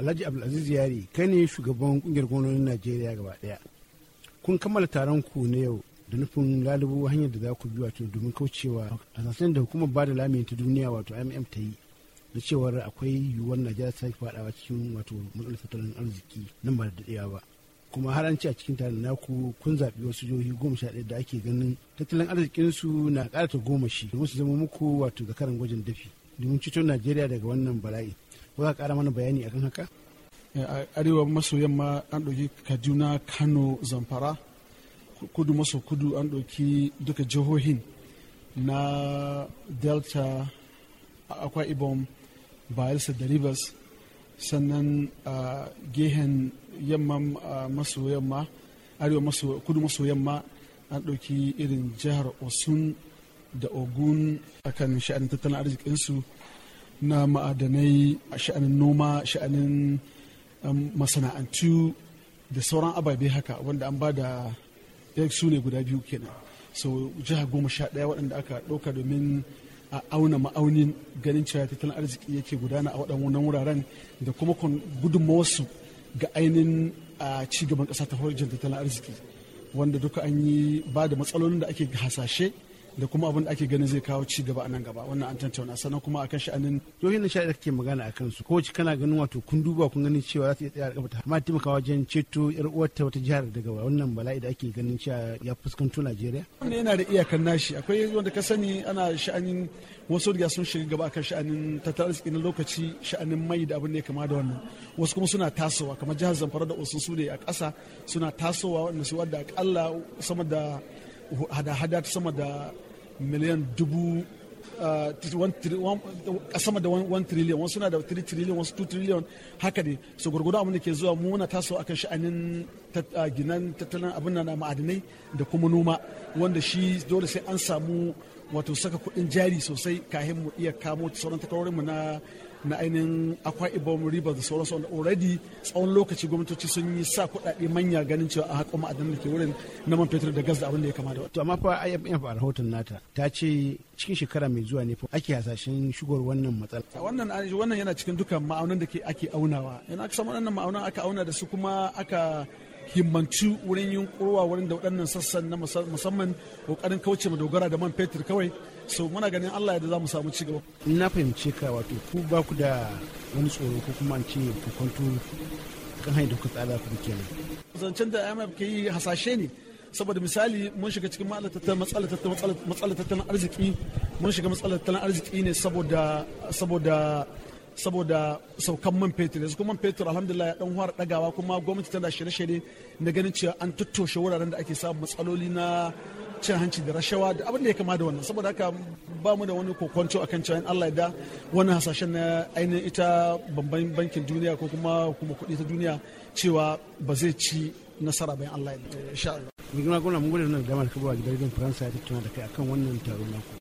alhaji abdulaziz yari kai ne shugaban kungiyar gwamnonin najeriya gaba daya kun kammala taron ku na yau da nufin galibu hanyar da za ku bi wato domin kaucewa hasashen da hukumar bada lamuni ta duniya wato imm ta yi da cewar akwai yiwuwar najeriya ta faɗawa cikin wato matsalar tattalin arziki nan ba da daɗewa ba kuma har an ce a cikin taron naku kun zaɓi wasu jihohi goma sha ɗaya da ake ganin tattalin arzikinsu na ƙara goma shi domin su zama muku wato zakaran gwajin dafi domin ceto najeriya daga wannan bala'i ko za ka mana bayani akan haka eh, arewa maso yamma an ɗauki kaduna kano zamfara kudu maso kudu an ɗauki duka jihohin na delta akwa ibom bayelsa da rivers sannan a gehen yamma maso yamma arewa maso kudu maso yamma an ɗauki irin jihar osun da ogun akan sha'anin tattalin arzikinsu na ma'adanai a sha'anin noma sha'anin um, masana'antu da sauran ababe haka wanda an ba da eh, su ne guda biyu kenan so jiha goma sha ɗaya waɗanda aka ɗauka domin a auna ma'aunin ganin cewa tattalin arziki yake gudana a waɗannan wuraren da kuma gudunmawarsu ga ainihin a cigaban ƙasa ta horar tattalin arziki wanda duka an yi ba da matsalolin da ake hasashe da kuma abin da ake ganin zai kawo ci gaba a nan gaba wannan an tantauna sannan kuma akan sha'anin yohin nishaɗi sha'ida kake magana a kansu ko ci kana ganin wato kun duba kun ganin cewa za ta iya tsaya gaba ta amma taimakawa wajen ceto yar uwarta wata jihar daga wannan bala'i da ake ganin cewa ya fuskanto Najeriya wannan yana da iyakan nashi akwai wanda ka sani ana sha'anin wasu riga sun shiga gaba akan sha'anin tattalin arziki na lokaci sha'anin mai da abin da ya kama da wannan wasu kuma suna tasowa kamar jihar Zamfara da Osun su ne a ƙasa suna tasowa wanda su wadda akalla sama da hada-hada ta sama da miliyan dubu ah, sama da 1 trillion wasu na da 3 trillion wasu 2 trillion haka ne su gurgudu abin da ke zuwa mu muna taso akan sha'anin ah, ginan tattalin abin na ma'adinai da kuma noma wanda shi dole sai an samu wato saka kuɗin jari sosai kahin mu iya kamo sauran takarorin mu na na ainihin akwa ibom riba da sauransu wanda already tsawon lokaci gwamnatoci sun yi sa kuɗaɗe manya ganin cewa a haƙo ma'adanan da ke wurin na man fetur da gas da abin da ya kama da to amma fa IMF a rahoton nata ta ce cikin shekara mai zuwa ne ake hasashen shigowar wannan matsala wannan wannan yana cikin dukkan ma'aunan da ke ake aunawa yana aka wannan ma'aunin aka auna da su kuma aka himmanci wurin yin kurwa wurin da waɗannan sassan na musamman ƙoƙarin kauce ma dogara da man fetur kawai so muna ganin Allah yadda za mu samu ci gaba na fahimce ka wato ku ba ku da wani tsoro ko kuma an ce ku kwanto kan hanyar da ku tsada ku nan. zancen da IMF ke yi hasashe ne saboda misali mun shiga cikin matsalar tattalin arziki mun shiga matsalar tattalin arziki ne saboda saboda saboda saukan man fetur yanzu kuma man fetur alhamdulillah ya dan fara dagawa kuma gwamnati tana shirye-shirye da ganin cewa an tattoshe wuraren da ake samun matsaloli na cin hanci da rashawa da abin da ya kama da wannan saboda haka ba mu da wani kokonto kan cewa Allah ya da wannan hasashen na ainihin ita bambam bankin duniya ko kuma kuma kuɗi ta duniya cewa ba zai ci nasara bayan Allah ya insha Allah. Mai gina mun gode da damar kabuwa gidan gidan Faransa ya tattauna da kai akan wannan taro naku.